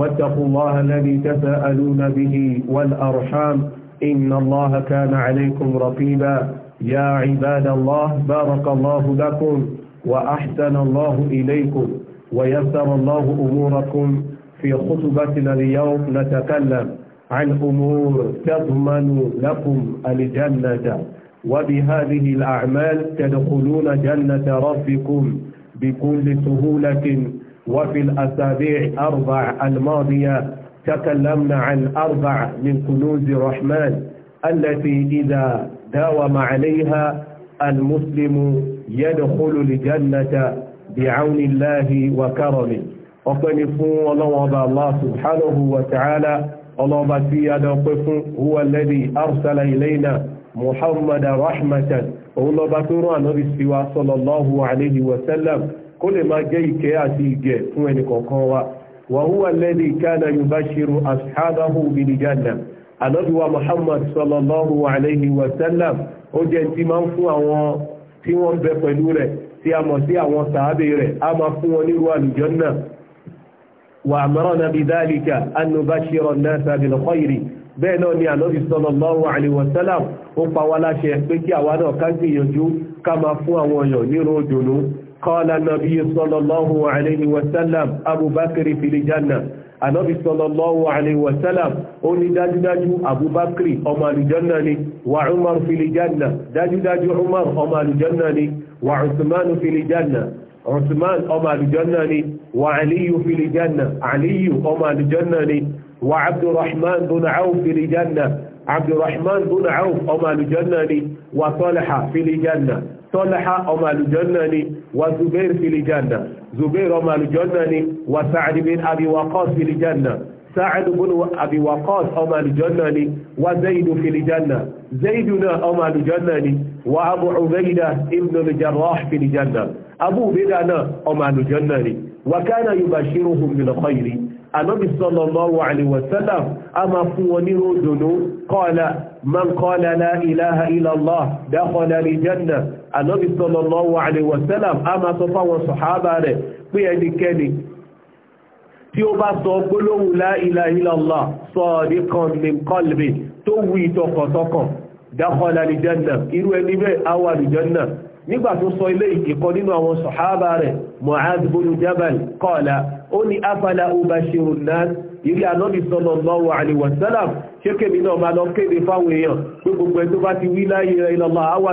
واتقوا الله الذي تساءلون به والأرحام إن الله كان عليكم رقيبا يا عباد الله بارك الله لكم وأحسن الله إليكم ويسر الله أموركم في خطبتنا اليوم نتكلم عن أمور تضمن لكم الجنة وبهذه الأعمال تدخلون جنة ربكم بكل سهولة وفي الأسابيع أربع الماضية تكلمنا عن أربع من كنوز الرحمن التي إذا داوم عليها المسلم يدخل الجنة بعون الله وكرمه ọpẹ́ni fún ọlọ́wọ́ ọba Allah subhanahu wa ta'ala ọlọ́ọba tí a dọ̀pẹ́ fún huwa alladhi arsala ilayna muhammadan rahmatan òun lọ́ba tó rán ànábi síwá sallallahu alayhi wa sallam kó lè máa jẹ́ ìkẹ́ àti ìgẹ̀ fún ẹnì kọ̀ọ̀kan wa wa huwa alladhi kana yubashiru ashabahu bil janna ànábì wa muhammad sallallahu alayhi wa sallam ó jẹ́ tí máa ń fún àwọn tí wọ́n ń bẹ pẹ̀lú rẹ̀ tí a mọ̀ sí àwọn sàábé rẹ̀ a máa fún wọn nírú àlùjànnà wa amarana bi dhalika an nubashira an-nasa bil khayri bẹ́ẹ̀ náà ni ànábì sallallahu alayhi wa sallam ó pa wá láṣẹ pé kí àwa náà ká gbìyànjú ká máa fún àwọn èèyàn nírú òdòdó قال النبي صلى الله عليه وسلم أبو بكر في الجنة Ànábì sallallahu alaihi wasallam ó ní dájúdájú Abubakri ọmọ àlùjọ́nà ni wà Umar filijanna dájúdájú Umar ọmọ àlùjọ́nà ni wà Usmanu filijanna Usman ọmọ àlùjọ́nà ni wà Aliyu filijanna Aliyu ọmọ àlùjọ́nà ni wà Abdurrahman bin Auf filijanna Abdurrahman bin Auf ọmọ àlùjọ́nà ni wà Talha filijanna tọ́lá ọmọ àlùjọ́nà ni wà zubair filijanna zubair ọmọ àlùjọ́nà ni wà sáàdì bin abiwakos filijanna sáàdì bin abiwakos ọmọ àlùjọ́nà ni wà zaidu filijanna zaidu náà ọmọ àlùjọ́nà ni wà abu ubaida ibn al-jarrah filijanna abu ubaida náà ọmọ àlùjọ́nà ni wà kánà yubashiruhum bil khayri Ànábì sallallahu alaihi wasallam a máa fún wọn ní ròdùnú qala man qala la ilaha illallah dakhala janna ànábì sallallahu alaihi wasallam a máa sọ fáwọn sọ̀hábà rẹ̀ pé ẹnikẹ́ni tí ó bá sọ gbólóhùn la ilaha illallah sadiqan min qalbi tó wù ìtọkàntọkàn dakhala al-janna irú ẹni bẹ́ẹ̀ á wà lọ kéde fáwọn èèyàn pé gbogbo ẹ̀ tó bá ti wí la ilaha illallah á wà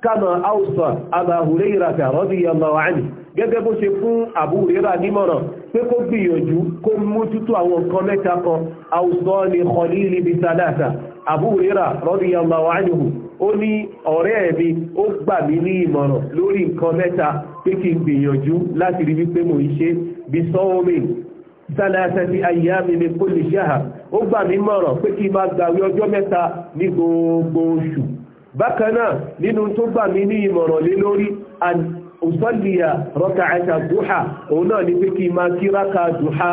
kama ausa aba hurairata radiyallahu anhu gẹ́gẹ́ bó ṣe fún Abu Huraira nímọ̀ràn pé kó gbìyànjú kó mójútó àwọn nǹkan mẹ́ta kan ausa ni khalili bi salasa Abu Huraira radiyallahu anhu ó ní ọ̀rẹ́ mi ó gbà mí ní ìmọ̀ràn lórí nǹkan mẹ́ta pé kí n gbìyànjú láti rí wípé mò ń ṣe bí sọ́wọ́mì sálásẹ́sí ayyámi min kulli shahr ó gbà mí mọ̀ràn pé kí n máa gbàwé ọjọ́ mẹ́ta ní gbogbo oṣù bákanáà nínú tó gbà mí ní ìmọ̀ràn lé lórí òsọ́lìyà rọ́ta àṣà dùhà òun náà ní pé kí máa kí ráka dùhà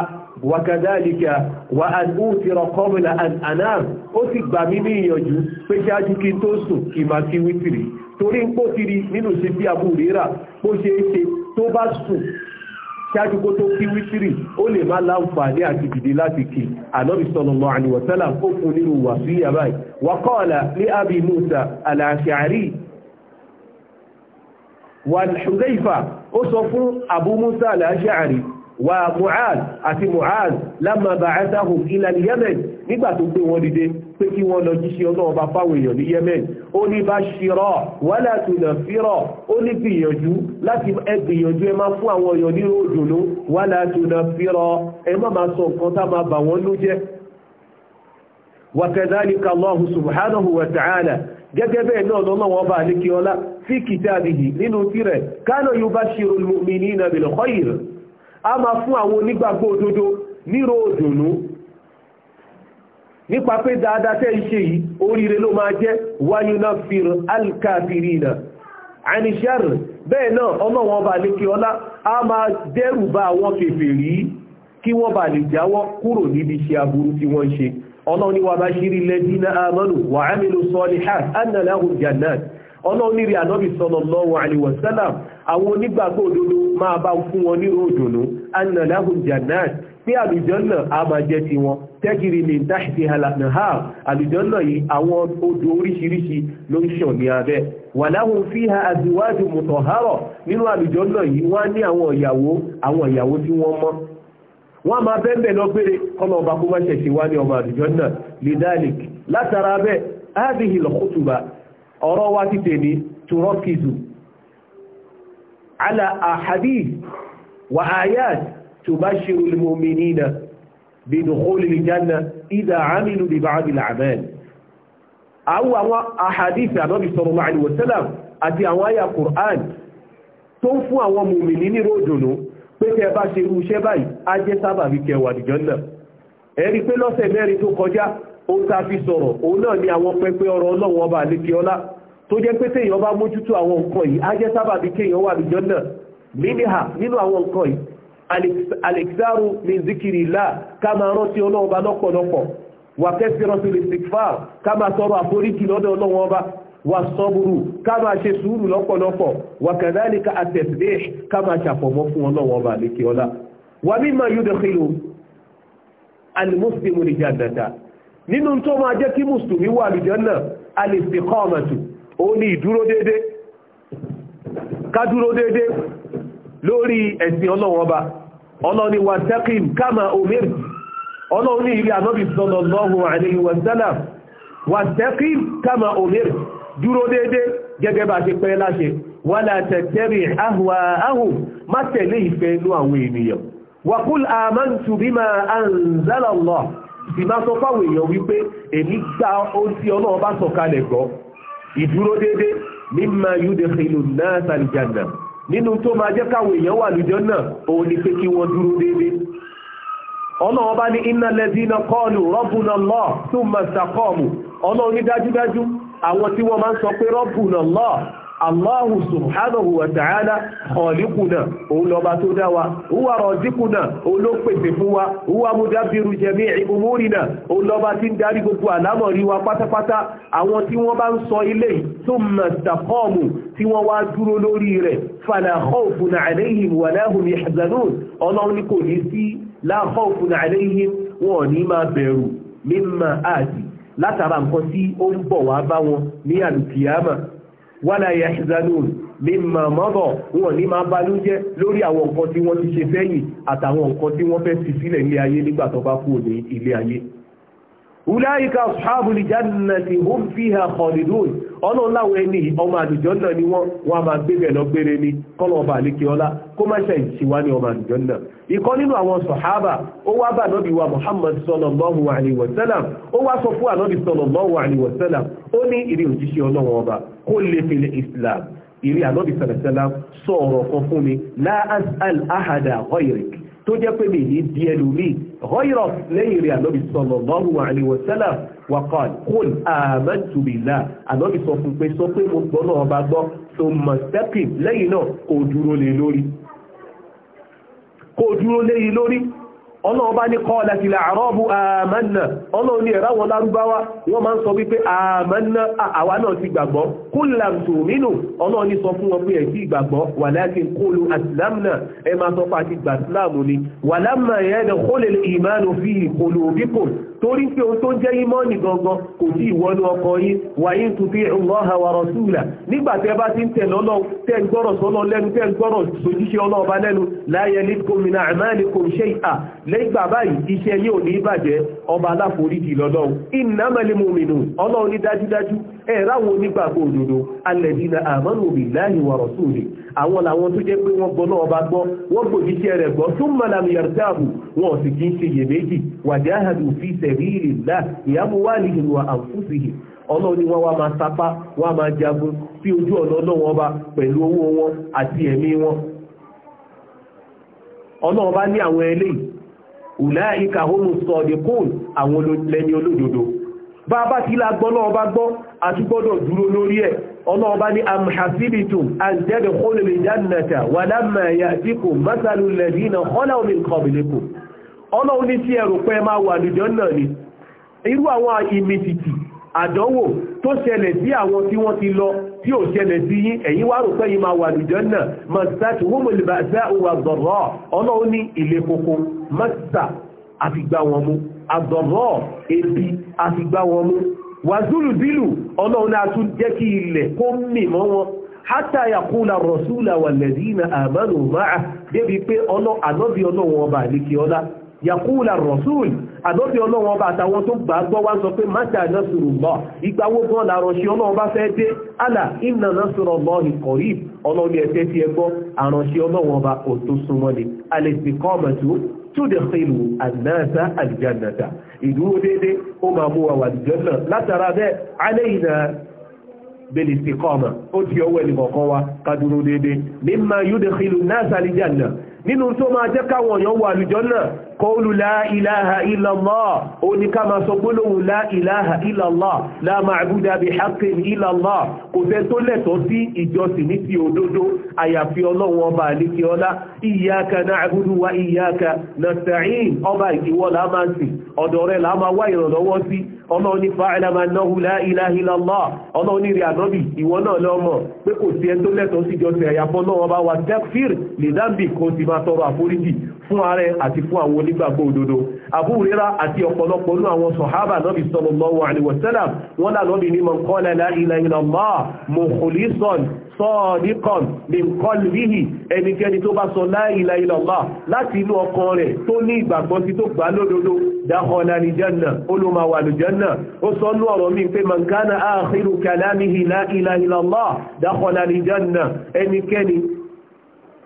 wàkàdálìkà wà àdúntìrọ kọmùlà ànáàm ó sì gbà mí ní ìyànjú pé ṣáájú kí tó sùn kí máa kí wítìrì torí ń pò nínú ṣe bí abúrírà bó ṣe é ṣe tó bá sùn ṣáájú kó tó kí wítírì ó lè má láǹfààní àti dìde láti kì ànábì sallallahu alaihi wa sallam ó fún nínú wàsíyà báyìí wa qala musa al-ash'ari wal hudayfa ó sọ fún abu musa wa mu'az àti mu'az lámà ba'athahum ila yemen nígbà tó gbé wọn dìde pé kí wọ́n lọ jíṣẹ́ ọlọ́run bá fáwọn èèyàn ní yemen ó ní bashira wala tunafira ó ní gbìyànjú láti ẹ gbìyànjú ẹ máa fún àwọn èèyàn ní òdòdó wala tunafira ẹ má máa sọ nǹkan tá máa bà wọ́n ló jẹ́ wakadhalika allah subhanahu wa ta'ala gẹ́gẹ́ bẹ́ẹ̀ náà lọ́nà wọn bá ní kí ọlá fi kìtàbìhì nínú tirẹ̀ kánà yubashiru al-mu'minina bil khayr a máa fún àwọn onígbàgbọ́ òdodo nírò òdùnnú nípa pé dáadáa tẹ́ ń ṣe yìí oríire ló máa jẹ́ wáyúná fìrì alkafirina anishar bẹ́ẹ̀ náà ọmọ wọn bá lè kí ọlá a máa dẹ́rù bá àwọn kèfèrí kí wọ́n bá lè jáwọ́ kúrò níbi iṣẹ́ aburú tí wọ́n ń ṣe ọlọ́run ni bá ṣírí lẹ́dínà amanu wà ámìlú sọ́lihà annalahum jannat ọlọ́ọ̀nìrí ànábì sallallahu alaihi wasallam àwọn onígbàgbọ́ òdodo máa bá fún wọn ní òdòdó anna lahum jannat pé àlùjọ́nà a máa jẹ́ ti wọn tẹ́kiri ní dáṣìtì halanaha àlùjọ́nà yìí àwọn odò oríṣiríṣi ló ń ṣàn ní abẹ́ wà láhùn fiha azwaju mutahhara nínú àlùjọ́nà yìí wá ní àwọn ìyàwó àwọn ìyàwó tí wọ́n mọ́ wọ́n máa bẹ́ẹ̀bẹ̀ lọ péré kọ́nà ọba kó má ṣẹ̀ṣẹ̀ wá ní ọmọ àlùjọ́nà lidalik látara abẹ́ ábìhì lọ́kùtùbà ọ̀rọ̀ wá ti tèmi turokizu ala ahadith wa ayat tubashiru al-mu'minina bi dukhuli al-janna idha amilu bi ba'd al-a'mal awu àwọn ahadith Ànábì sallallahu alaihi wasallam àti àwọn aya Qur'an tó ń fún àwọn mùmìnì ní ròdùnú pé tẹ́ bá ṣe irú iṣẹ́ báyìí á jẹ́ sábàbí kẹwàá àdìjọ́ náà ẹ̀rí pé lọ́sẹ̀ mẹ́rin tó kọjá ohun tá fi sọ̀rọ̀ òun náà ni àwọn pẹpẹ ọ̀rọ̀ ọlọ́run ọba àlekè ọlá tó jẹ́ pé téèyàn bá mójútó àwọn nǹkan yìí á jẹ́ sábà bí kéèyàn wà lùjọ́ náà mímíhà nínú àwọn nǹkan yìí alexaru min zikiri la ká máa rántí ọlọ́run ọba lọ́pọ̀lọpọ̀ wà kẹ́sì rántí lè sèkfà ká máa sọ̀rọ̀ àforíjì lọ́dọ̀ ọlọ́run ọba wà sọ́bùrù ká máa ṣe sùúrù lọ́pọ̀lọpọ̀ wà kàdáníkà àtẹ̀sídé ká máa ṣàfọ̀mọ́ fún ọlọ́run ọba àlekè ọlá wà mímọ̀ yúdọ̀kìlù alimuslimu ni jàdàdà nínú tó máa jẹ́ kí mùsùlùmí wà àlùjánnà al-istiqamatu ó ní ìdúró dédé kádúró dédé lórí ẹ̀sìn ọlọ́run ọba ọlọ́run ni wastaqim kama umirta ọlọ́run ní ilé ànábì sallallahu alayhi wa sallam wastaqim kama umirta dúró dédé gẹ́gẹ́ bá ṣe pẹ́ láṣẹ wala tattabi ahwaahum má tẹ̀lé t'i máa sọ fáwọn èèyàn wípé èmi gba ohun tí ọlọ́run bá sọ kalẹ̀ gọ́ ìdúró déédéé mímọ yúdẹ̀kìlù náà sàlìjànà nínú tó máa jẹ́ káwọn èèyàn wà náà òun ni pé kí wọ́n dúró dédé ọlọ́run bá ní iná kọ́ọ̀lù rọ́bùnà lọ́ tó máa sàkọ́ọ̀mù ní dájúdájú àwọn tí wọ́n máa ń sọ pé Allahu subhanahu wa ta'ala ọ̀líkùnà òun lọba tó dá wa, huwa rọ̀zíkùnà òun ló pèsè fún wa, huwa mudabbiru jami'i umurina òun lọba tí ń darí gbogbo àlámọ̀rí wa pátápátá àwọn tí wọ́n bá ń sọ ilé thumma istaqamu tí wọ́n wá dúró lórí rẹ̀ fala khawfun alayhim wa la yahzanun ọlọ́run ní kò la khawfun alayhim wọn ní máa bẹ̀rù mimma àti látara nǹkan tí ó ń bọ̀ wá bá wọn ní wala yahzanun mimma mada wọn ní máa balújẹ́ lórí àwọn nǹkan tí wọ́n ti ṣe fẹ́yìn àtàwọn nǹkan tí wọ́n fẹ́ fi sílẹ̀ ilé ayé nígbà tó bá kú ní ilé ayé Ulaika ashabul jannati hum fiha khalidun. Ọlọ́run láwọn ẹni ọmọ àlùjọ́nà ni wọ́n wọ́n máa gbébẹ̀ lọ gbére ni kọ́lọ̀ ọba àlékè ọlá kó má ṣe ìṣíwá ní ọmọ àlùjọ́nà. Ìkan nínú àwọn sọ̀hábà ó wá bá ànọ́bì wa Muhammad sallallahu alaihi wasallam ó wá sọ fún ànọ́bì sallallahu alaihi wasallam ó ní ìrì òjíṣẹ́ ọlọ́run ọba kó lè fi Islam ìrì ànọ́bì sallallahu sọ ọ̀rọ̀ kan fún mi la as'al ahada ghayrik tó jẹ́ pé mi ní di ẹlòmíì ọ̀họ́yọ̀ lẹ́yìn rẹ̀ ànábì sallallahu alaihi wasallam wa qala qul amantu billah ànábì sọ fún pé sọ pé mo gbọ́ ọba gbọ́ tó mọ̀ stẹ́pì lẹ́yìn náà kò dúró lé e lórí ọlọ́run bá ní kọ́ọ̀lá ti lè àrọ́bù àmánà ọlọ́run ní ẹ̀ráwọ̀ lárúbáwá wọ́n máa ń sọ wípé àmánà àwa náà ti gbàgbọ́ kúlàm tòmínú ọlọ́run ní sọ fún wọn pé ẹ ti gbàgbọ́ walakin qulu àsìlámùnà torí pé ohun tó ń jẹ́ ìmọ́ọ̀nì gangan kò sí ìwọ́nú ọkọ̀ yín wàyí ń tuntun Allah wa rasula nígbà tẹ́ bá ti ń tẹ̀ lọ́lọ́ tẹ́ ń gbọ́rọ̀ sọ́lọ́ lẹ́nu tẹ́ ń gbọ́rọ̀ sójúṣe ọlọ́ọ̀bá lẹ́nu la yalidkum min a'malikum shay'a lẹ́gbà báyìí iṣẹ́ yóò ní àwọn làwọn tó jẹ́ pé wọ́n gbọ́ náà bá gbọ́ wọ́n gbòdì iṣẹ́ rẹ̀ gbọ́ tó mọ̀lá yàrá dáàbò wọn sì kì í ṣe iyèméjì wàjáhàdù fi sabilillah ìyàbọ̀ wà ní ìlú àǹfùsìhì ọlọ́run ni wọ́n wá máa sapá wọ́n máa jagun sí ojú ọ̀nà ọlọ́wọ́n ọba pẹ̀lú owó wọn àti ẹ̀mí wọn ọlọ́run bá ní àwọn eléyìí ulaika homo àwọn olódodo bá a ọlọ́ọ̀bá ní amhasibitum an tadkhulul jannata wa lamma ya'tikum mathalul ladhina khalaw min qablikum ọlọ́run ní sí ẹ̀rù pé máa wà lùjọ́ náà ni irú àwọn ìmìtìtì àdánwò tó ṣẹlẹ̀ sí àwọn tí wọ́n ti lọ tí ò ṣẹlẹ̀ sí yín ẹ̀yin wá rò pé wọn mú àdọ̀rọ̀ ebi àfigbá wọn mú wàzúlù bílù ọlọ́run náà tún jẹ́ kí ilẹ̀ kó mì mọ́ wọn hátà yàkúlà rọ̀súlà wà lẹ́dínà àmánù máa débi pé ànọ́bí ọlọ́run ọba àlékè ọlá yàkúlà rọ̀súl ànọ́bí ọlọ́run ọba àtàwọn tó gbà gbọ́ wá sọ pé mátà nasrullah ìgbà wo gan la ránṣẹ́ ọlọ́run bá fẹ́ dé àlà tudkhilu an-nasa al-jannata ìdúró déédé ó máa mú wa wà al-janna látara bẹ́ẹ̀ alayna bil istiqama ó di ọwọ́ ẹni kọ̀ọ̀kan wa ká dúró mimma yudkhilu nasa al-janna nínú tó máa jẹ́ káwọn èèyàn wà al kọlu láìláha ìlàlá o ní ká máa sọ gbólóhùn láìláha ìlàlá láàmà àbúdá bí haqqin ìlàlá kò fẹ́ tó lẹ́tọ̀ọ́ sí ìjọsìn ní ti òdodo àyàfi ọlọ́run ọba àlékí ọlá iyyaka na'budu wa iyyaka nasta'in ọba ìdíwọ́ lámánsì ọ̀dọ̀ rẹ̀ láàmà wá ìrànlọ́wọ́ sí ọlọ́run ní fa'alama fún ààrẹ àti fún àwọn onígbàgbọ́ òdodo àbúrérà àti ọ̀pọ̀lọpọ̀ ní àwọn sọ̀hábà lọ́bì sallallahu alaihi wasallam wọ́n lá lọ́bì ní man qala la ilaha illallah mukhlisan sadiqan min qalbihi ẹnikẹ́ni tó bá sọ la ilaha illallah láti inú ọkàn rẹ̀ tó ní ìgbàgbọ́ sí tó gbà lódodo dakhala al-janna olùmọ̀ wà al-janna ó sọ nú ọ̀rọ̀ mi pé man kana akhiru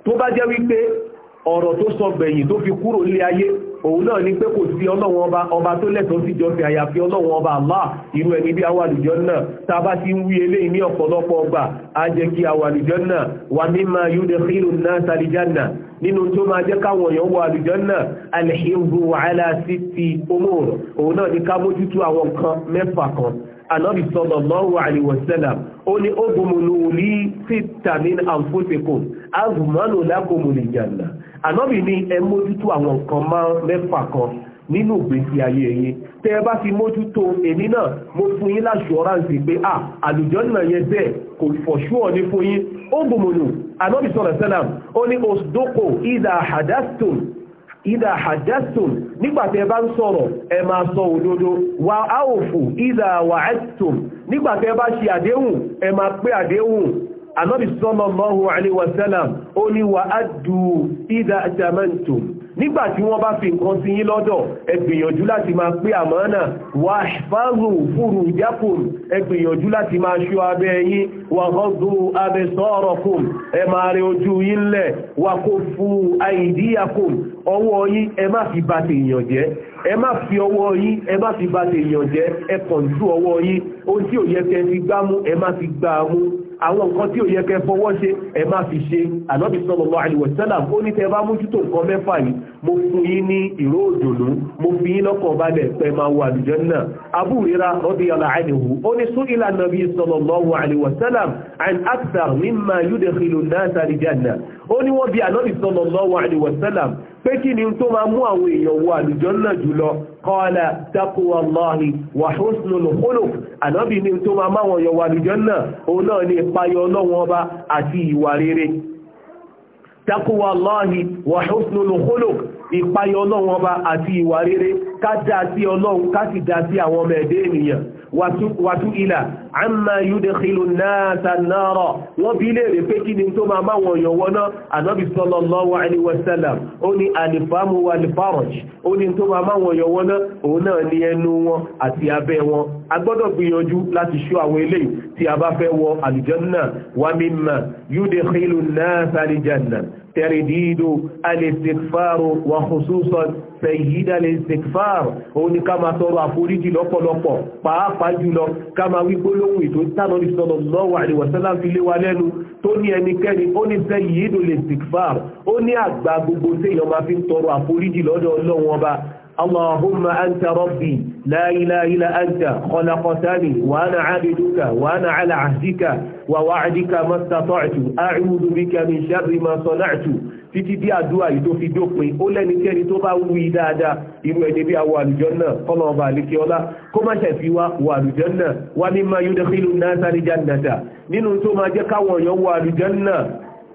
tó bá jẹ́ wípé ọ̀rọ̀ tó sọ gbẹ̀yìn tó fi kúrò nílé ayé òun náà ni pé kò sí ọlọ́wọ́n ọba tó lẹ́tọ̀ọ́ sí jọ́sìn àyàfi ọlọ́wọ́n ọba Allah irú ẹni bí awàlùjọ́ náà tá a bá ti ń wí eléyìí ní ọ̀pọ̀lọpọ̀ ọgbà á jẹ́ kí awàlùjọ́ náà wà mimma yudkhilu an-nasa al-janna nínú tó máa jẹ́ káwọn èèyàn wọ àlùjọ́ náà al-hifzu ala sitti umur òun náà ni ká mójútó àwọn nǹkan mẹ́fà kan Ànábì sallallahu alaihi wasallam ó ní ó gbọmọlú ní síta min anfusikum azmanu lakumul ànábì ni ẹ mójútó àwọn nǹkan máa mẹ́fà kan nínú ìgbésí ayé yín tẹ́ ẹ bá fi mójútó èmi náà mo fún yín láṣọ́ráǹsì pé à àlùjọ́nà yẹn bẹ́ẹ̀ kò fọ̀ṣú ọ̀ní fún yín ó gbòmòlò ànábì sọ̀rọ̀ sẹ́làm ó ní osdoko ìdá hadaston ìdá hadaston nígbà tẹ́ ẹ bá ń sọ̀rọ̀ ẹ máa sọ òdodo wà áòfù ìdá wàhẹ́tòn nígbà tẹ́ bá ṣe àdéhùn ẹ máa pé àdéhùn anọ́bì sallallahu alaihi wasallam ó ní wà á dù ìdá àtàmẹ́ntùm nígbà tí wọ́n bá fi nǹkan sí yín lọ́dọ̀ ẹ gbìyànjú láti máa pé àmánà wà fáàrù fúrù jákùn ẹ gbìyànjú láti máa ṣọ́ abẹ́ yín wà gọ́dù abẹ sọ́ọ̀rọ̀kùn ẹ máa rẹ ojú yín lẹ̀ wà kó fú àìdíyàkùn ọwọ́ yín ẹ má fi bà tèèyàn jẹ́ ẹ má fi ọwọ́ yín ẹ má fi bà tèèyàn jẹ́ ẹ kọ̀ǹtú ọwọ́ yín ohun tí ò gbámú ẹ má fi gbámú àwọn nǹkan tí ò yẹ kẹ́ fọwọ́ ṣe ẹ má fi ṣe ànábì sallallahu alaihi wasallam ó ní tẹ́ bá mójútó nǹkan mẹ́fà yìí mo fún yín ní ìró òdòdó mo fi yín lọ́kàn balẹ̀ pé máa wọ àlùjánnà Abu Huraira radiyallahu anhu ó ní su'ila nabi sallallahu alaihi wasallam an akthar mimma pé kí ni tó máa mú àwọn èèyàn wọ àlùjànnà jùlọ kọ́ọ̀lá taqwa Allahi wa husnul khuluq ànábì ni tó máa máwọn èèyàn wọ àlùjànnà òun náà ni ìpayọ ọlọ́wọ́n ọba àti ìwà rere taqwa Allahi wa husnul ìpayọ ọlọ́wọ́n ọba àti ìwà rere ká dá sí ọlọ́run ká sì dá sí àwọn ọmọ ẹ̀dẹ́ ènìyàn wàtúìlà àmà yúdẹ̀kìlù náà tànàrọ̀ wọ́n bí lè rẹ̀ pé kí ni tó máa máwọn èèyàn wọ́ná ànábì sallallahu alaihi wasallam ó ní alifamu wa alifaraj ó ní tó máa máwọn èèyàn wọ́ná òun náà ní ẹnu wọn àti abẹ́ wọn a gbọ́dọ̀ gbìyànjú láti ṣó àwọn eléyìí tí a bá fẹ́ wọ àlùjánnà wàmímà yúdẹ̀kìlù náà tàlìjánnà ترديد الاستغفار وخصوصا سيد الاستغفار òun ni ká máa tọrọ àforíjì lọ́pọ̀lọpọ̀ pàápàá jùlọ ká máa wí gbólóhùn ètò tánàlì sallallahu alaihi wasallam fi lé wa lẹ́nu tó ní ẹnikẹ́ni ó ní سيد الاستغفار ó ní àgbà gbogbo tí èèyàn máa fi ń tọrọ àforíjì lọ́dọ̀ Ọlọ́run ọba اللهم أنت ربي لا إله إلا أنت خلقتني وأنا عبدك وأنا على عهدك ووعدك ما استطعت أعوذ بك من شر ما صنعت títí bí àdúrà yìí tó fi dópin ó lẹ́nikẹ́ni tó bá wí dáadáa irú ẹni bí àwọn àlùjànnà kọ́nà ọba àlékè ọlá kó má ṣẹ̀fí wá wọ àlùjànnà wá mimma yudkhilu an-nasa al-jannata nínú tó máa jẹ́ káwọn èèyàn wọ àlùjànnà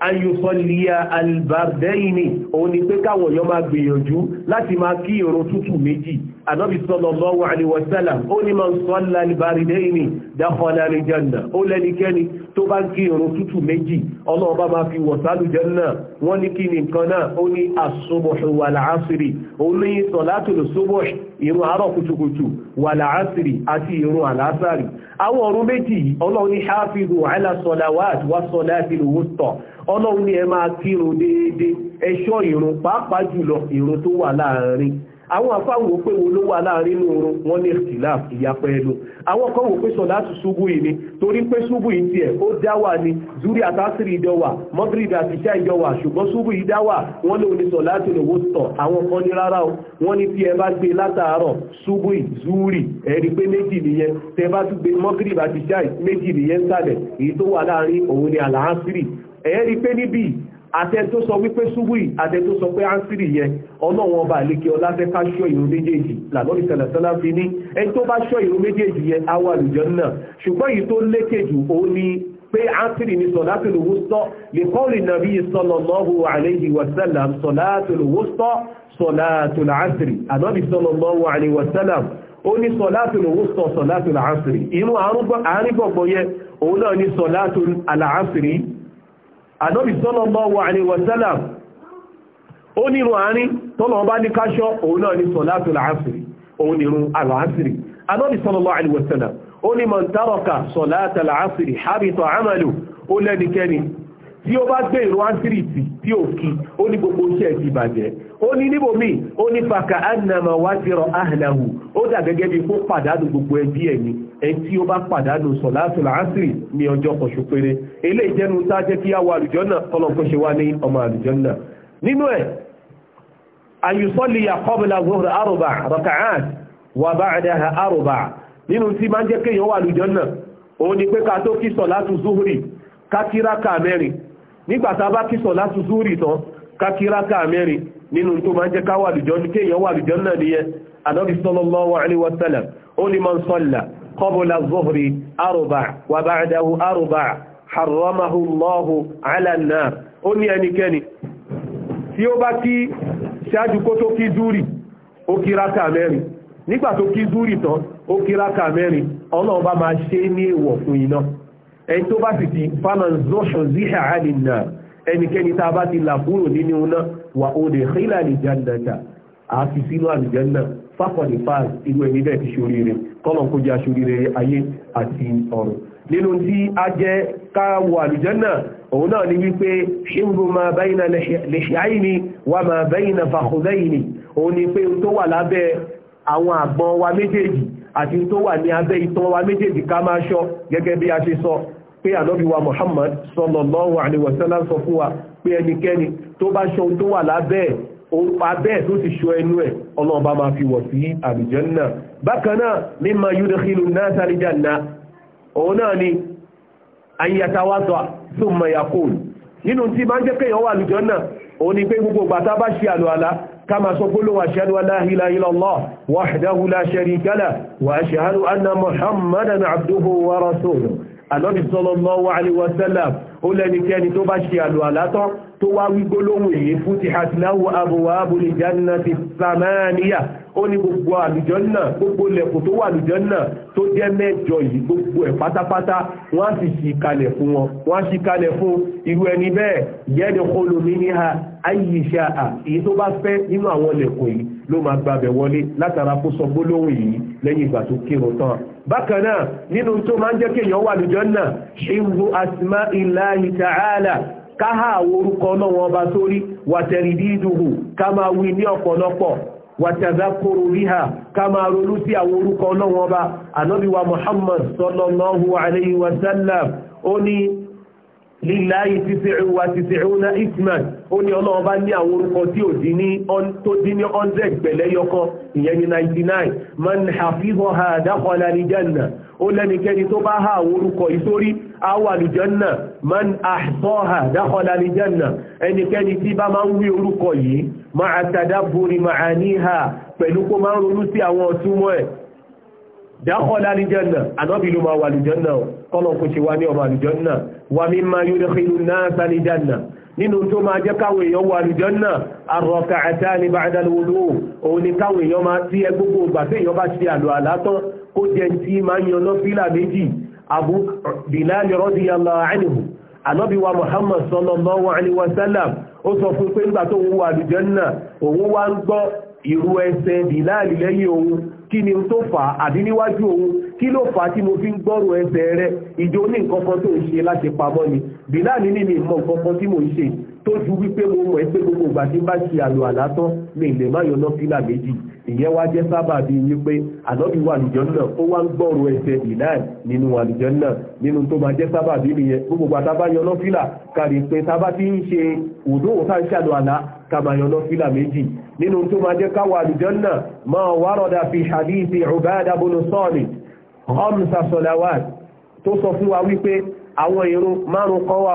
ayùsọ̀lìyà albardẹ́yìn òun ni pé káwọn èèyàn máa gbìyànjú láti máa kí ìrun tútù méjì ànábì sallallahu alaihi wa sallam ó ní man salla al-baridayni dakhala al-janna ó lẹ́nikẹ́ni tó bá ń kí irun tútù méjì ọlọ́ọ̀bá máa fi wọ̀sálù janna wọ́n ní kí ni nǹkan náà ó ní as-subhu wal-asri ó ní salatul subh irun àárọ̀ kùtùkùtù wal-asri àti irun àlásàrì àwọn ọ̀run méjì ọlọ́run ní hafizu ala wà àwọn àfáwò pé wo ló wà láàrin inú oorun wọ́n ní ìtìláf ìyapẹ́ ẹnu àwọn kan wò pé sọ̀láàtù ṣubú yìí ni torí pé ṣubú yìí tiẹ̀ ó dáwà ni zuri àtàsírì ìdọ́wà mọ́gírìdì àtìṣà ìdọ́wà ṣùgbọ́n ṣubú yìí dáwà wọ́n lè ní sọ̀láàtù lè wó tọ̀ àwọn kan ní rárá o wọ́n ní tí ẹ bá gbé látàárọ̀ ṣubú yìí zuri ẹ̀rí pé méjì nìyẹn tẹ bá tún gbé mọ́gírìdì àtìṣà méjì nìyẹn sálẹ̀ èyí tó wà láàrin òun ni àlàásírì ẹ̀rí pé níbí àtẹ tó sọ wípé ṣúgbì àtẹ tó sọ pé ánsìrì yẹn ọlọ́wọ́n ọba àlékè ọlá fẹ́ ká ṣọ́ ìrun méjèèjì lànàbí sẹlẹ̀sẹ́lá fi ní ẹni tó bá ṣọ́ ìrun méjèèjì yẹn awọ àlùjẹ́ náà ṣùgbọ́n èyí tó lékè jù ó ní sọ̀látìlù wúsọ́ sọ̀látìlù ánsìrì ní sọ̀látìlù ànábì sallallahu alaihi wasallam ó nírun àárín tọ́lọ̀ bá ní káṣọ́ òun náà ní sọ̀látù làásìrì òun nírun àlàásìrì ànábì sallallahu alaihi wasallam ó ní man taraka sọ̀látù làásìrì tí ó bá gbé ìrún áńtírìtì tí ó kí ó ní gbogbo iṣẹ́ ti bàjẹ́ ó ní níbò míì ó ní fàkà ánàmà wá ti rọ ahlahu ó dà bí kó pàdánù gbogbo ẹbí ẹ̀ ni ẹ tí ó bá pàdánù sọ̀láṣọ̀lá áńtírì ní ọjọ́ kọ̀ṣù péré eléyìí jẹ́nu tá jẹ́ kí awọ àlùjọ́nà ọlọ́kọ́ṣe wá ní ọmọ àlùjọ́nà nínú ẹ̀ àyùsọ́lìyà qabla zuhr arba raka'at wà ba'daha àlùjọ́nà òun ni mẹ́rin nígbàtà bá kí sọ̀látù zúrì tán kákíráká mẹ́rin nínú tó máa jẹ́ káwà lùjọ́ ní kéèyàn wà lùjọ́ náà nìyẹn anábi sallallahu alaihi wa sallam ó ní man salla qabla zuhri arba wa ba'dahu arba harramahu Allahu ala an-nar ó ní ẹnikẹ́ni tí ó bá kí ṣáájú kó tó ẹni tó bá sì ti fámà zọ́ṣọ̀ zíhà àdìnà ẹnikẹ́ni tá a bá ti là kúrò nínú iná wà ó lè xílà àlìjánná a fi sínú àlìjánná fákọ̀lì fáàz irú ẹni bẹ́ẹ̀ ti ṣoríire kọ́lọ̀n kó jẹ́ aṣoríire ayé àti ọ̀run nínú tí a jẹ́ káwọ àlìjánná òun náà ni wípé ṣíwú pé ànábíwa Muhammad sallallahu alaihi wasallam sọ fún wa pé ẹnikẹ́ni tó bá ṣe ohun tó wà lábẹ́ abẹ́ tó ti ṣọ ẹnu ẹ̀ ọlọ́ọ̀bá máa fi wọ̀ sí àlùjánnà bákan náà mimma yudkhilu an-nasa al náà كما تقول وأشهد لا إله إلا الله وحده لا شريك له وأشهد أن محمدا عبده ورسوله ànábì sallallahu alaihi wasallam ó lẹ́nikẹ́ni tó bá ṣe àlò àlátán tó wá wí gbólóhùn èyí futihat lahu abwabul jannati samaniya ó ní gbogbo àlùjànnà gbogbo lẹ̀kùn tó wà àlùjànnà tó jẹ́ mẹ́jọ yìí gbogbo ẹ̀ pátápátá wọ́n á sì ṣì kalẹ̀ fún wọn wọ́n á ṣì kalẹ̀ fún irú ẹni bẹ́ẹ̀ yadkhulu minha ayyisha'a èyí tó bá fẹ́ nínú àwọn lẹ̀kùn yìí ló máa gbabẹ̀ wọlé látara kó sọ gbólóhùn yìí lẹ́yìn ìgbà tó kírun tán bákanáà nínú tó máa ń jẹ́ kí èèyàn wà ní Janna ṣíwú asmá ìlàhì ta'ala káhà orúkọ náà wọn bá sórí wàtẹ̀rìdídùhù ká máa wí ní ọ̀pọ̀lọpọ̀ wàtàzákòrò ríhà ká máa ronú sí àwọn orúkọ náà wọn bá líláyé títí ìwà títí ìwúná isman ó ní ọlọ́run bá ní àwọn orúkọ tí ò dín ní tó dín ní hundred pẹ̀lẹ́yọkọ ìyẹn ní ninety nine man hafizọ ha dákọ̀ọ́lá ní janna ó lẹ́nikẹ́ni tó bá há àwọn orúkọ ìsórí àwà lùjánà man ahsọ́ ha dákọ̀ọ́lá ní janna ẹnikẹ́ni tí bá máa ń wí orúkọ yìí máa tàdábùrì máa ní ha pẹ̀lú kó máa ń ronú sí àwọn ọ̀túnmọ́ ẹ̀ dákọ́lá àlìjẹ́nà ànábì ló máa wà àlìjẹ́nà kọ́lọ̀ kò ṣe wá ní ọmọ àlìjẹ́nà wà mí máa yóò lè kìlú náà sálìjẹ́nà nínú tó máa jẹ́ káwọn èèyàn wà àlìjẹ́nà àrọ̀kà àtàní bàdàlúwòlú òun ni káwọn èèyàn máa tí ẹ gbogbo ìgbà tí èèyàn bá ṣe àlò àlátán kó jẹ tí máa ń kí ni o tó fà á àbí níwájú òun kí ló fà á tí mo fi ń gbọ́rù ẹsẹ̀ rẹ ìjọ ní nǹkan kan tó ń ṣe láti pamọ́ ni bìlá ní ní mi mọ nǹkan kan tí mo ń ṣe tó ju wípé mo mọ̀ pé gbogbo ìgbà tí bá ṣe àlò àlá tán mi lè má yọná fílà méjì ìyẹn wá jẹ́ sábà bíi wípé ànábì wà lùjọ́ náà ó wá ń gbọ́rù ẹsẹ̀ bìlá nínú àlùjọ́ náà nínú tó máa jẹ́ sábà bíi nìyẹn gbogbo ìgbà bá yọná fílà kárí pé tá bá ti ń ṣe òdòwò tá ń ṣàlò àlá ká máa yọná fílà méjì nínú tó máa jẹ́ káwà àlùjọ́nà máa wárọ̀dà fi hadithi Ubaada bunu Samit hamsa salawat tó sọ fún wa wípé àwọn ìrun márùn kan wà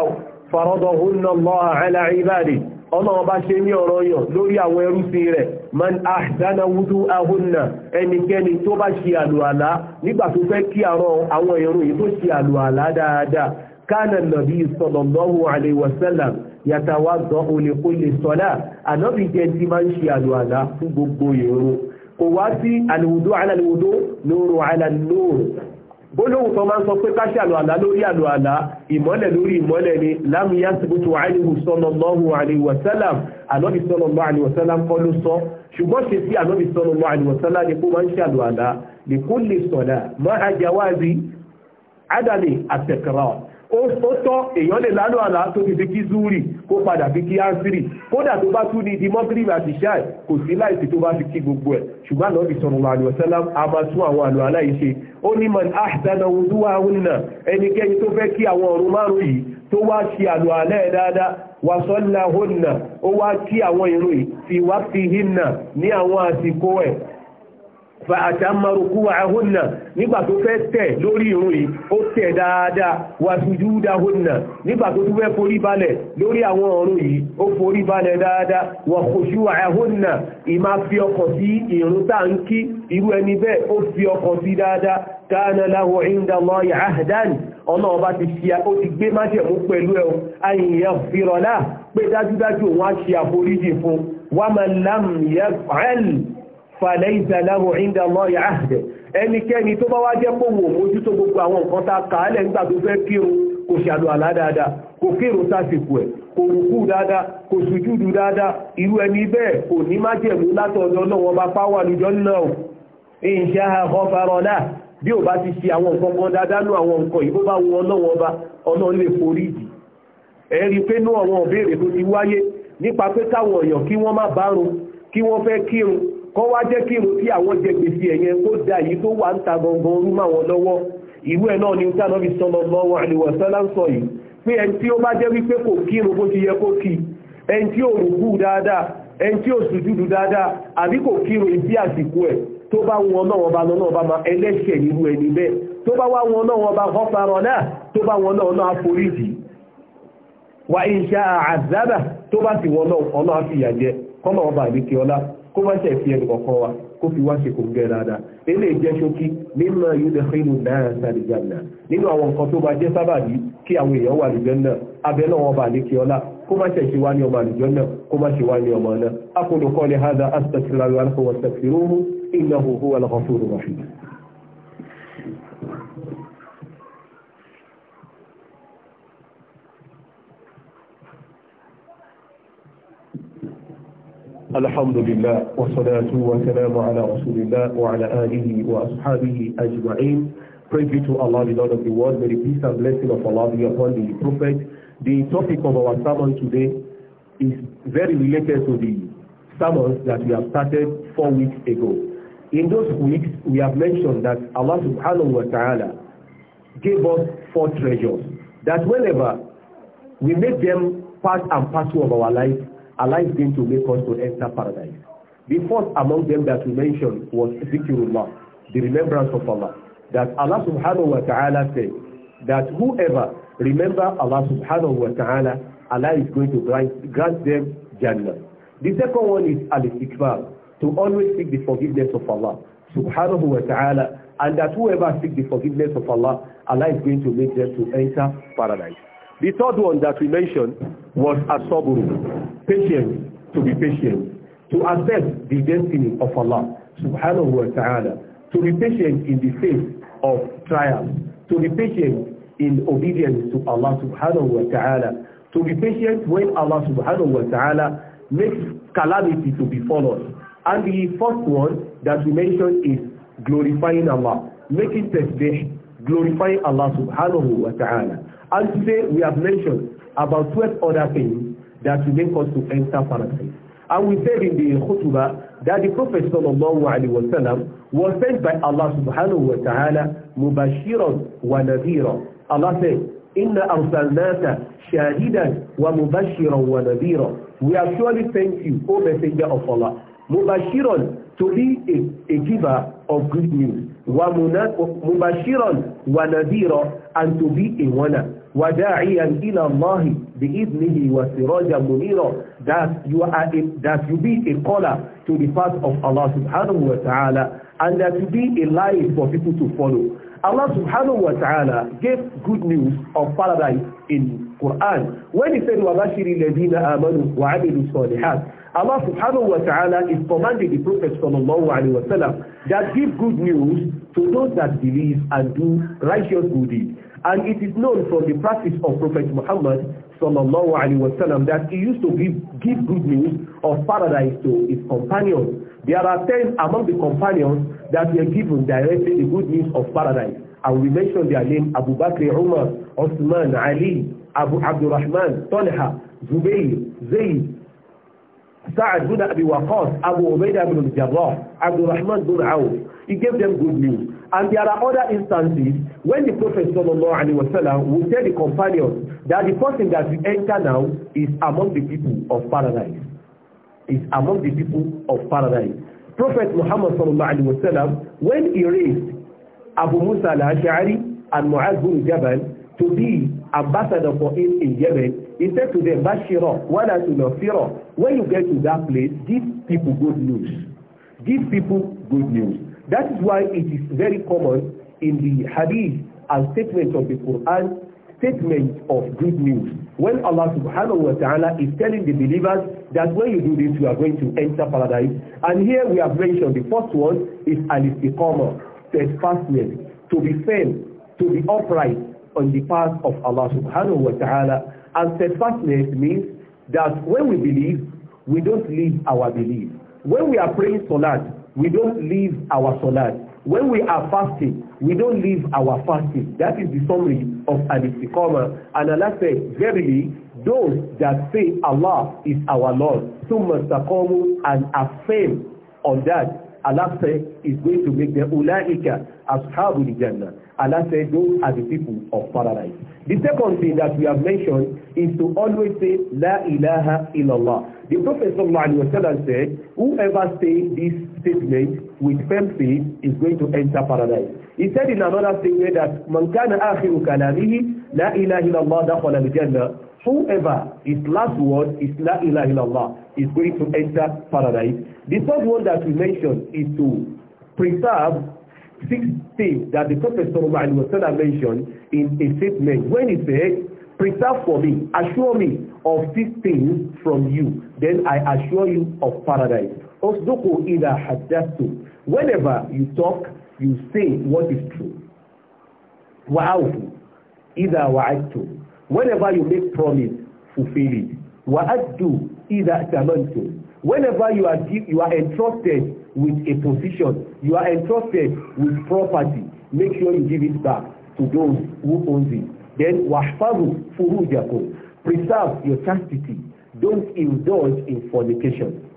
faradahunna Allah ala ibadi ọlọ́run bá ṣe ní ọ̀rọ̀ yàn lórí àwọn ẹrúsìn rẹ̀ man ahdana wudu ahunna ẹnikẹ́ni tó bá ṣe àlùwàlá nígbà kana nabi sallallahu alaihi wasallam yàtàwà gan olè kó lè sọ́lá ànábì jẹ́ tí máa ń ṣe àlùwàlá fún gbogbo ìrun kò wá sí àlùwùdó àlàlùwùdó lóòrò àlàlùwòrò bólóhùn tó máa ń sọ pé ká ṣe àlùwàlá lórí àlùwàlá ìmọ́lẹ̀ lórí ìmọ́lẹ̀ ni lámì yásìbútù àìlèhù sallallahu alaihi wasallam ànábì sallallahu alaihi wasallam kọ́ ló sọ ṣùgbọ́n ṣe sí ànábì sallallahu alaihi wasallam ni kó máa ń ṣe àlùwàlá li kulli salat máa jawazi adami àtẹ̀kẹ̀rọ̀ ó tọ́ èèyàn lè lálù àlá tó fi kí zúrì kó padà fi kí ánsírì kódà tó bá tún ní di mọ́gírì àti ṣáì kò sí láìsí tó bá fi kí gbogbo ẹ̀ ṣùgbọ́n àná sọ̀rọ̀ àlù ọ̀sẹ́lám a àwọn àlù aláìṣe ó ní man ahsana wudu'ahunna ẹnikẹ́ni tó fẹ́ kí àwọn ọ̀run márùn-ún yìí tó wá ṣe àlù alẹ́ dáadáa wàsọ́lá hónà ó wá kí àwọn ìròyìn fi wá fi hínà ní àwọn àsìkò ẹ̀ fàtàmàrùkú àhúnnà nígbà tó fẹ́ tẹ̀ lórí ìrun yìí ó tẹ̀ dáadáa wà sùjú dáhúnnà nígbà tó tó fẹ́ forí balẹ̀ lórí àwọn ọ̀run yìí ó forí balẹ̀ dáadáa wà kòṣù àhúnnà ìmá fi ọkàn sí ìrun tá ń kí irú ẹni bẹ́ẹ̀ ó fi ọkàn sí dáadáa káàna láwọ̀ ìndàlọ́ yàhádánì ọ̀nà ọba ti fi ó ti gbé májẹ̀mú pẹ̀lú ẹ̀ àyìnyàn fìrọ̀lá pé dájúdájú òun á ṣe àforíjì fún wàmàlámù yẹ fàlẹ́ìsà láwò ìndà lọ yà áhìdẹ̀ ẹnikẹ́ni tó bá wá pòwò gbogbo àwọn nǹkan tá kàálẹ̀ nígbà tó fẹ́ kírun kò ṣàlù àlá dáadáa kò kírun sásìkò ẹ̀ kò rùkú dáadáa kò sùjúdù dáadáa irú ẹni bẹ́ẹ̀ kò ní náà bá fáwà dáadáa kọ́ wá jẹ́ kí irun tí àwọn jẹ gbèsè ẹ̀yẹn kó da tó wà ń ta ma máa wọn lọ́wọ́ ìwé ẹ̀ náà ni tánàbí sallallahu alaihi wasallam sọ yìí pé ẹni tí ó bá jẹ́ wípé kò kí irun bó ti yẹ kó kí ẹni tí rùkú dáadáa ẹni tí sùjúdù dáadáa àbí kò kí náà wọn bá lọ náà bá máa ẹlẹ́ṣẹ̀ nínú ẹni bẹ́ẹ̀ tó bá wá wọn náà wọn bá kó má ṣe fi ẹnu kọ̀ọ̀kan wa kó fi wá ṣe kò ń gẹ dáadáa eléyìí jẹ́ ṣókí nínú yudhilu náà sáré jáde nínú àwọn nǹkan tó bá jẹ́ sábàbí kí àwọn èèyàn wà lùjọ́ náà abẹ́ náà wọn bá ní kí ọlá kó má ṣe ṣe wá ní ọmọ àlùjọ́ náà kó má ṣe wá ní ọmọ náà aqulu qawli hadha astaghfirullaha wa lakum wastaghfiruhu innahu huwal ghafurur rahim الحمد لله والصلاة والسلام على رسول الله وعلى آله وأصحابه أجمعين Praise be to Allah, the Lord of the world. May the peace and blessing of Allah be upon the Prophet. The topic of our sermon today is very related to the sermons that we have started four weeks ago. In those weeks, we have mentioned that Allah subhanahu wa ta'ala gave us four treasures. That whenever we make them part and parcel of our life, Allah is going to make us to enter paradise. The first among them that we mentioned was Zikrullah, the remembrance of Allah. That Allah subhanahu wa ta'ala said that whoever remember Allah subhanahu wa ta'ala, Allah is going to grant, grant them Jannah. The second one is al-istighfar, to always seek the forgiveness of Allah subhanahu wa ta'ala, and that whoever seek the forgiveness of Allah, Allah is going to make them to enter paradise. The third one that we mentioned was asaburu, patience, to be patient, to accept the destiny of Allah subhanahu wa ta'ala, to be patient in the face of trials, to be patient in obedience to Allah subhanahu wa ta'ala, to be patient when Allah subhanahu wa ta'ala makes calamity to befall us. And the first one that we mentioned is glorifying Allah, making tasbih, glorifying Allah subhanahu wa ta'ala. And today we have mentioned about 12 other things that will make us to enter paradise. And we said in the khutbah that the Prophet sallallahu alaihi wasallam was sent by Allah subhanahu wa ta'ala mubashiran wa nadhira. Allah said, Inna arsalnaka shahidan wa mubashiran wa nadhira. We actually thank you, O Messenger of Allah, mubashiran to be a, a giver of good news ومبشرا ونذيرا أن تبيئونا وداعيا إلى الله بإذنه وسراجا منيرا that you are a, that you be a caller to the path of Allah subhanahu wa ta'ala and that you be a light for people to follow. Allah subhanahu wa ta'ala gave good news of paradise in Quran when he said وَبَشِرِ الَّذِينَ آمَنُوا وَعَمِلُوا الصَّالِحَاتِ Allah subhanahu wa ta'ala is commanding the Prophet sallallahu alayhi wa sallam that give good news to those that believe and do righteous good deeds. And it is known from the practice of Prophet Muhammad sallallahu alayhi wa sallam that he used to give, give good news of paradise to his companions. There are ten among the companions that were given directly the good news of paradise. And we mention their name Abu Bakr, Umar, Osman, Ali, Abu Abdurrahman, Talha, Zubayr, Zayd, Sa'ad bin Abi Waqqas, Abu Ubaidah bin Jarrah, Abdurrahman bin Auf. He gave them good news. And there are other instances when the Prophet sallallahu alaihi wasallam would tell the companions that the person that we enter now is among the people of paradise. Is among the people of paradise. Prophet Muhammad sallallahu alaihi wasallam, when he raised Abu Musa al-Ash'ari and Mu'adh bin Jabal to be ambassador for him in Yemen, he said to them, Bashira, wala tunafira, When you get to that place, give people good news. Give people good news. That is why it is very common in the hadith and statement of the Quran, statement of good news. When Allah subhanahu wa ta'ala is telling the believers that when you do this, you are going to enter paradise. And here we have mentioned the first one is al-istiqamah, steadfastness, to be firm, to be upright on the path of Allah subhanahu wa ta'ala. And steadfastness means that when we believe, we don't leave our belief. When we are praying salat, we don't leave our salat. When we are fasting, we don't leave our fasting. That is the summary of al-istiqamah. And Allah said, verily, those that say Allah is our Lord, summa taqamu and affirm on that, Allah is going to make them ulaika ashabul jannah. Allah said those are the people of paradise. The second thing that we have mentioned is to always say la ilaha illallah. The Prophet sallallahu alaihi said, whoever say this statement with firm faith is going to enter paradise. He said in another statement that man kana akhiru kalamihi la ilaha illallah dakhala al Whoever his last word is la ilaha illallah is going to enter paradise. The third one that we mentioned is to preserve six things that the Prophet sallallahu alaihi wasallam mentioned in a statement when he said, preserve for me, assure me of these things from you, then I assure you of paradise. Osdoko ila hadastu. Whenever you talk, you say what is true. Wa'awfu. Ida wa'adtu. Whenever you make promise, fulfill it. Wa'addu idha tamantum. Whenever you are give, you are entrusted with a position, you are entrusted with property, make sure you give it back to those who owns it. Then wahfazu furujakum. Preserve your chastity. Don't indulge in fornication.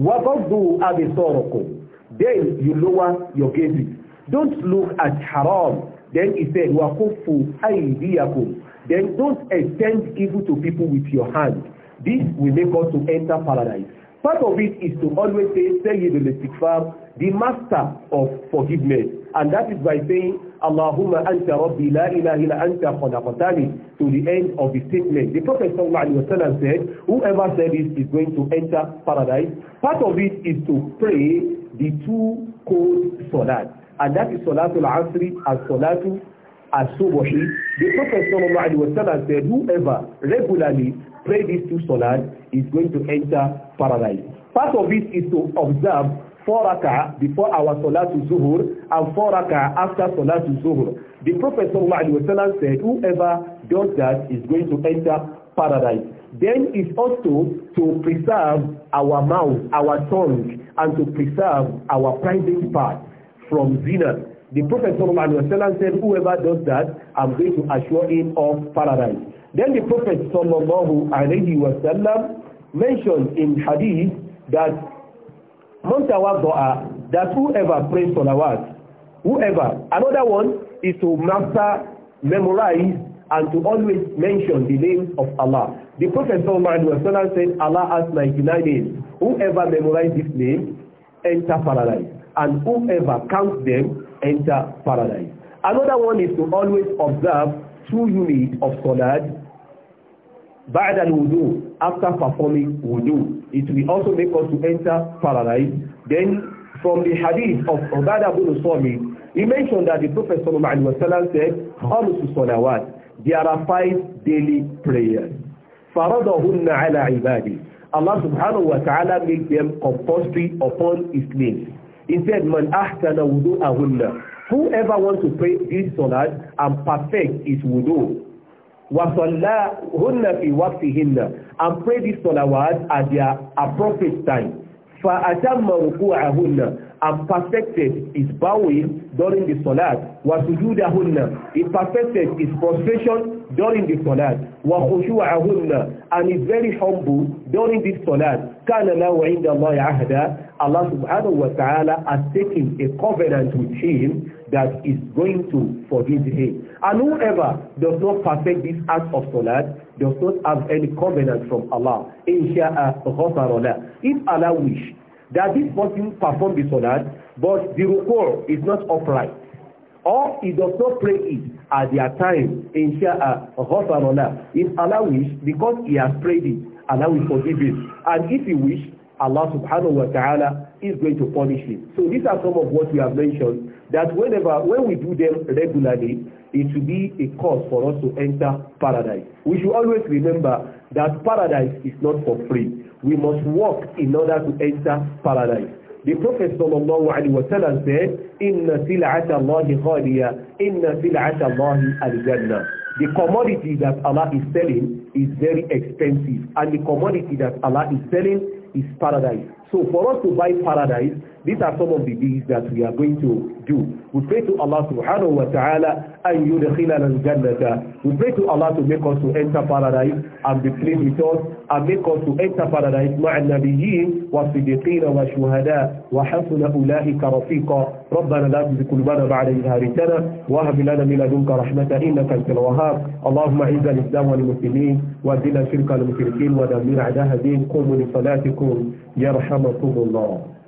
Wabadu abisorokum. Then you lower your gaze. Don't look at haram. Then he said, wakufu aidiyakum. Then don't extend evil to people with your hand. This will make us to enter paradise. Part of it is to always say, say ye the istighfar, the master of forgiveness. And that is by saying, Allahumma anta rabbi la ilaha illa anta khalaqtani to the end of the statement. The Prophet sallallahu alaihi wasallam said, whoever said this is going to enter paradise. Part of it is to pray the two cold salat. And that is salatul asri and salatul As-Subuhi, the Prophet sallallahu alaihi wasallam said, whoever regularly pray these two salat is going to enter paradise. Part of it is to observe four raka before our salatu zuhur and four raka after salatu zuhur. The Prophet sallallahu alaihi wasallam said, whoever does that is going to enter paradise. Then it's also to preserve our mouth, our tongue, and to preserve our private part from zina The Prophet ﷺ said, whoever does that, I'm going to assure him of paradise. Then the Prophet ﷺ mentioned in hadith that Muntawadda'a, that whoever prays salawat, whoever, another one is to master, memorize, and to always mention the name of Allah. The Prophet ﷺ said, Allah has 99 names. Whoever memorizes this name, enter paradise. And whoever counts them, enter paradise. Another one is to always observe two units of salat ba'da al-wudu after performing wudu. It will also make us to enter paradise. Then from the hadith of Ubadah ibn Samit, he mentioned that the Prophet sallallahu alaihi wasallam said, "Khamsu salawat." There are five daily prayers. Faradahunna ala ibadi. Allah subhanahu wa ta'ala made them compulsory upon his slaves instead man ahsana wudu'ahunna whoever wants to pray this salat and perfect his wudu wasallahunna fi waqtihinna and pray this salawat at their appropriate time fa atamma ruku'ahunna and perfected his bowing during the salat wa sujudahunna he perfected his prostration during the salat wa khushu'ahunna and is very humble during this salat kana lahu 'inda Allahi 'ahda Allah subhanahu wa ta'ala has taken a covenant with him that is going to forgive him. And whoever does not perfect this act of salat does not have any covenant from Allah. Insha'Allah, If Allah wish that this person perform the salat, but the rukur is not upright, or he does not pray it at their time, Insha'Allah, If Allah wish, because he has prayed it, Allah will forgive him. And if he wish, Allah subhanahu wa ta'ala is going to punish him. So these are some of what we have mentioned that whenever, when we do them regularly, it will be a cause for us to enter paradise. We should always remember that paradise is not for free. We must work in order to enter paradise. The Prophet sallallahu alaihi wasallam said, Inna sil'ata Allahi ghaliya, inna sil'ata Allahi al-jannah. The commodity that Allah is selling is very expensive, and the commodity that Allah is selling is daí. So for us to buy paradise, these are some of the deeds that we are going to do. We pray to Allah subhanahu wa ta'ala and yudkhilana al-jannata. We pray to Allah to make us to enter paradise and be pleased with us and make us to enter paradise ma'a nabiyyin wa siddiqina wa shuhada wa hasuna rafiqa. ربنا لا تزغ قلوبنا بعد إذ هديتنا وهب لنا من لدنك رحمة إنك أنت الوهاب اللهم أعز الإسلام والمسلمين وأذل الشرك والمشركين ودمر أعداء الدين قوموا لصلاتكم يرحم رحمكم الله